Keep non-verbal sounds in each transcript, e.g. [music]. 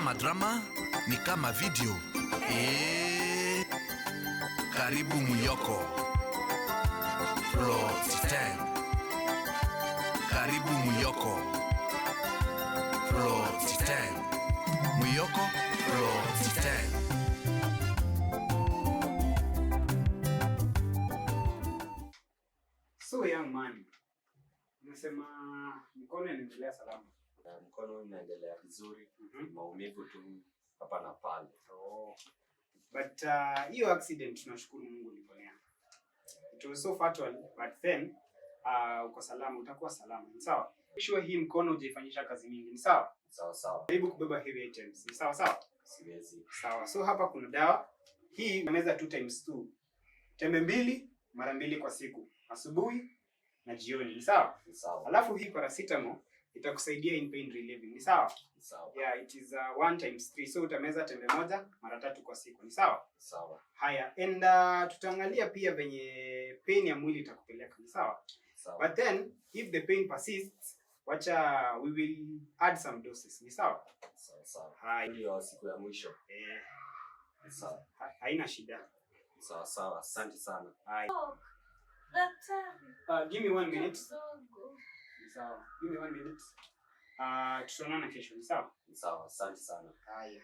kama drama, ni kama video e, karibu Muyoko Flo Siten, karibu Muyoko Flo Siten, Muyoko Flo Siten. So young man, nasema mikono inaendelea salama na mkono inaendelea vizuri mm -hmm. Maumivu tu hapa na pale oh. But uh, hiyo uh, accident tunashukuru Mungu uliponea. It was so fatal but then uh, uko salama, utakuwa salama. Ni sawa. Sure hii mkono ujaifanyisha kazi mingi, ni sawa? Sawa sawa. Jaribu kubeba heavy items. Ni sawa sawa? Siwezi. Sawa. So hapa kuna dawa. Hii meza two times two. Tembe mbili mara mbili kwa siku. Asubuhi na jioni, ni sawa? Sawa. Alafu hii paracetamol itakusaidia in pain relieving. Ni sawa? Sawa. Yeah, it is uh, one times three. So utameza tembe moja mara tatu kwa siku. Ni sawa? Sawa. Haya, and uh, tutaangalia pia venye pain ya mwili itakupeleka. Ni sawa? Sawa. But then if the pain persists, wacha we will add some doses. Ni sawa? Sawa sawa. Haya, hiyo siku ya mwisho. Eh. Sawa. Haina shida. Sawa sawa. Asante sana. Haya. Oh, daktari. Uh, give me one minute. Sawa. Give me one minute. Ah, tutaonana kesho, ni sawa? Ni sawa. Asante sana. Haya.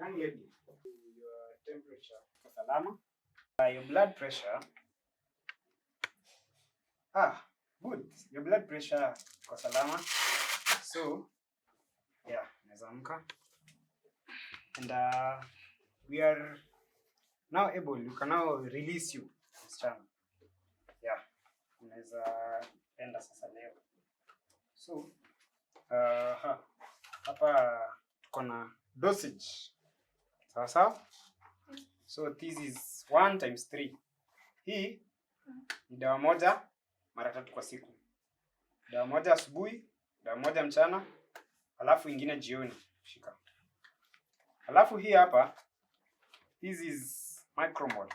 Young lady, your temperature kwa salama. Uh, your blood pressure. Ah, good. Your blood pressure kwa salama. So, yeah, naweza amka. And uh, we are now able, we can now release you, msichana. Yeah. Unaweza enda sasa leo. So uh, hapa tuko na dosage sawa sawa. So this is 1 times 3. Hii ni dawa moja mara tatu kwa siku, dawa moja asubuhi, dawa moja mchana, alafu ingine jioni. Shika alafu hii hapa, this is micromol.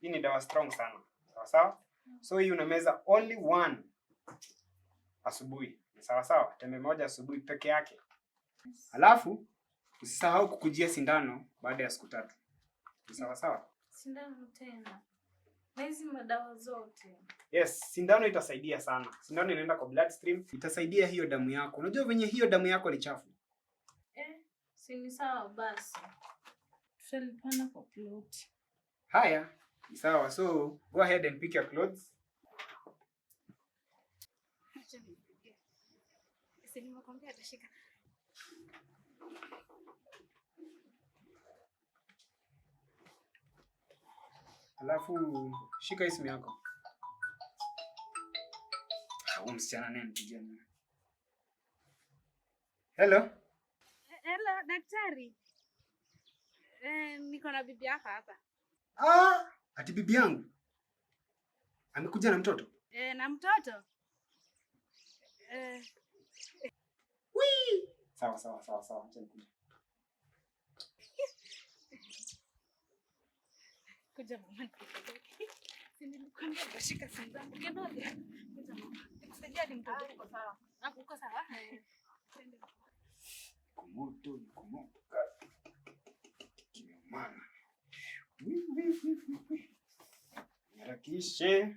Hii ni dawa strong sana sawa sawa. So hii unameza only one asubuhi. Sawa sawa, tembe moja asubuhi peke yake. Alafu usisahau kukujia sindano baada ya siku tatu. Sawa sawa. Sindano tena. Na hizi madawa zote. Yes, sindano itasaidia sana. Sindano inaenda kwa bloodstream, itasaidia hiyo damu yako. Unajua venye hiyo damu yako ni chafu. Eh, si ni sawa basi. Tutalipana kwa plot. Haya, sawa. So, go ahead and pick your clothes. boksi, nimekwambia atashika. Alafu shika isimu yako. Ah, huyu msichana naye mpigia Hello. Hello, daktari. Eh, niko na bibi yako hapa. Ah, ati bibi yangu. Amekuja na mtoto? Eh, na mtoto. Eh, Sawa sawa sawa sawa. Kuja mama. Kumoto ni kumoto kati. Harakishe.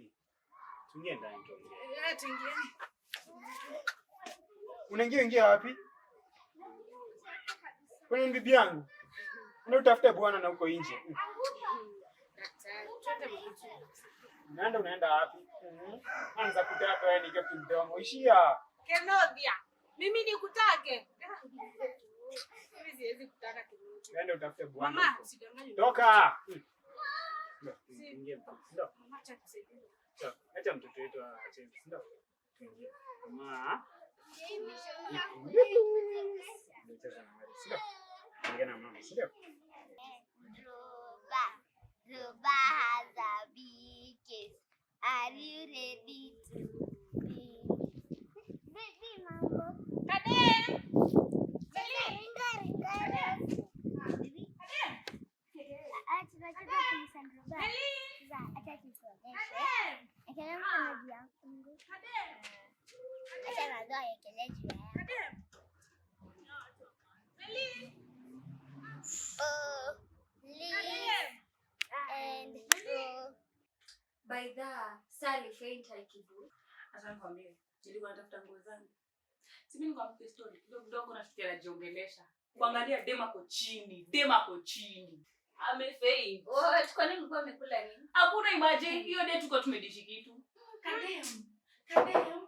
Tuingie ndani tuongee. Eh, tuingie. Unaingia ingia wapi? Kwenye bibi yangu. Unautafuta bwana na uko nje. Nanda unaenda wapi? Mhm. Anza kutaka wewe ni kitu Ishia. Kenobia. Mimi nikutake. Mimi utafute bwana. Mama, usidanganye. Toka. Ndio. Ndio. Mama, acha kusaidia acha mtoto wetu acheze, si Tuingie mama, si ndio? has a big case. Are you ready to Arda ayekelee juu ya yangu. Baidha, Sally faint aikibu. Acha nikwambie, nilikuwa natafuta nguo zangu. Si mimi nikwambia kwa story kidogo kidogo nafikia najiongelesha. Kuangalia dema ko chini, dema ko chini. Ame Oh, tuko nini mlikuwa mmekula nini? Hakuna imagine hiyo day tuko tumedishi kitu. Kadem. Kadem.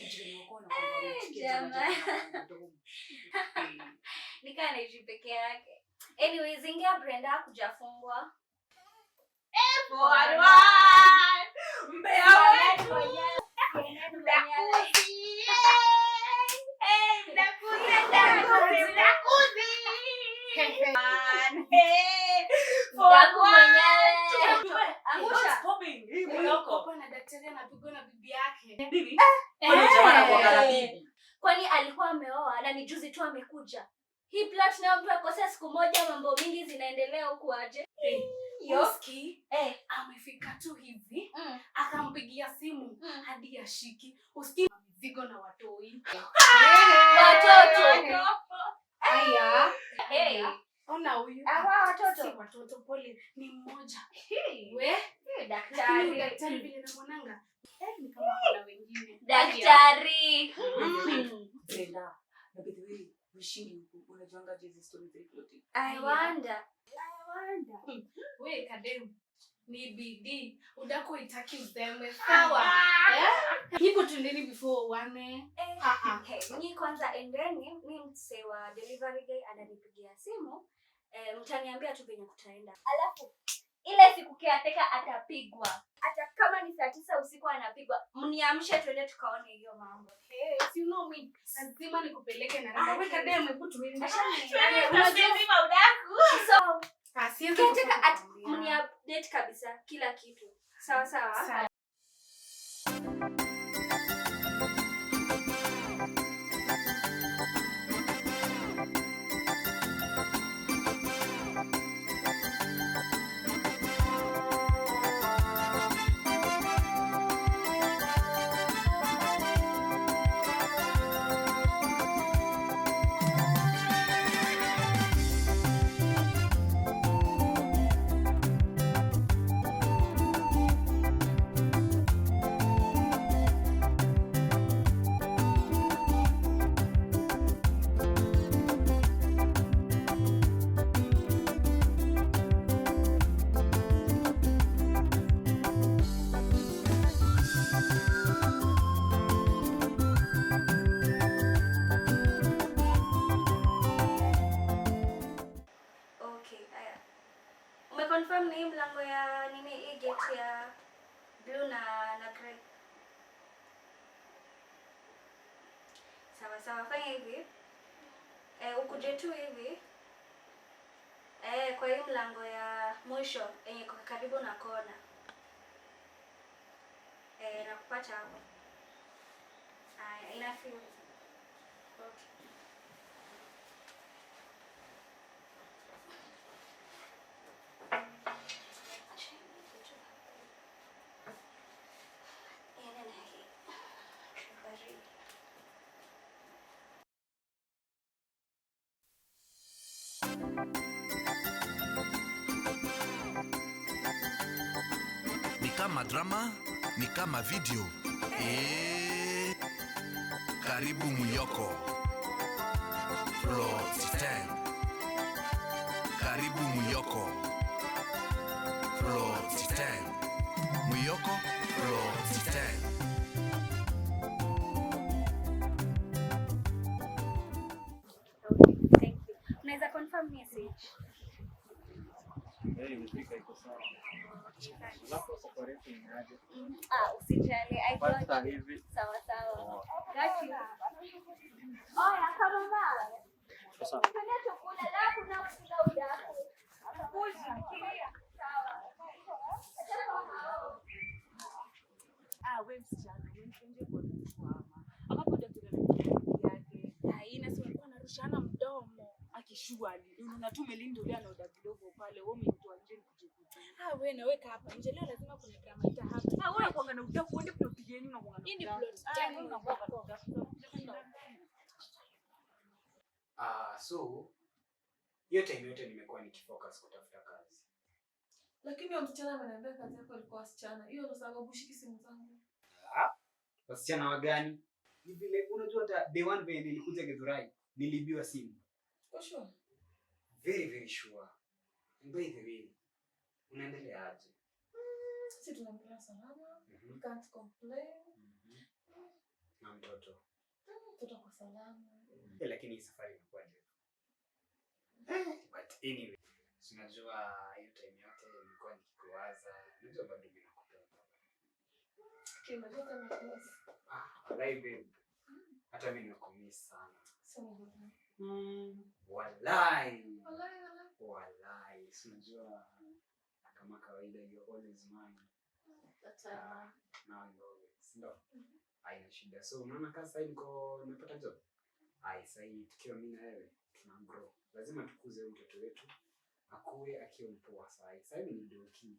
Eh, [laughs] nikaa naishi peke yake. Anyways, ingia Brenda hakujafungwa kuja. Hii plot nayo mtu akosea siku moja, mambo mingi zinaendelea huku aje. Hey, Yoski eh, hey, amefika tu hivi mm. akampigia simu mm. hadi ashiki uski mzigo na watoi watoto aya hey. Ona huyu awa ah, watoto si watoto, pole ni mmoja hey. we Hey, daktari daktari accuse them with power. Yeah? Niko trending before one. Ni eh, kwanza endeni, mimi mse wa delivery guy ananipigia simu, eh, mtaniambia tu venye kutaenda. Alafu ile siku kiateka atapigwa. Hata kama ni saa tisa usiku anapigwa. Mniamshe tuende tukaone hiyo mambo. Hey, si you know me. Lazima nikupeleke na namba. Weka demu mputu hivi. Unajua udaku. So, mniamshe kabisa kila kitu sawa sawa. confirm na hii mlango ya nini, hii gate ya blue na na grey. Sawa sawa, fanya hivi eh, ukuje tu hivi eh, kwa hii mlango ya mwisho yenye eh, karibu na kona eh, nakupata hapo. Haya, ina feel okay. kama drama, ni kama video e... karibu Muyoko Plot 10 karibu Muyoko Plot 10 Plot 10 confirm message. Msichana ambapo ndio tunarushana mdomo Surely unaona tu Melinda pale, wewe nje Ah, wewe hapa nje leo, lazima kuna drama ita hapa. Ah, wewe na Hii ni plot ah, ah, so hiyo time yote nimekuwa nikifocus kutafuta kazi. Lakini huyo msichana ameniambia kazi yako ilikuwa wasichana. Hiyo sababu shiki simu zangu. Ah, wasichana wa gani? Ni vile unajua hata the one venye nilikuja Githurai nilibiwa simu. For sure. Very very sure. And by the way, unaendelea aje? Mm, si tunaendelea salama. Mm -hmm. Can't complain. Mm -hmm. Na mtoto. Mm, mtoto kwa salama. Mm. -hmm. lakini hii safari imekuwa ndefu. Eh. But anyway, sinajua hiyo time yote nilikuwa nikikuwaza. Najua bado mimi nakupenda. Kimekuwa kama Ah, babe. Mm. Hata mimi nakumiss sana. Sana. Mm. Wallahi. Wallahi wallahi. Wallahi. Sinajua kama kawaida you always mine. That's ah, Ndio. Haina shida. So unaona kama sasa niko nimepata job. Ai sasa tukiwa mimi na wewe tuna grow. Lazima tukuze mtoto wetu. Akuwe akiwa mpoa sasa. Sasa hivi ndio kii.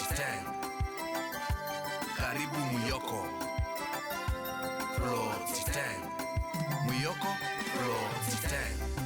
Stand. Karibu Mwioko Flo Titan Mwioko Flo Titan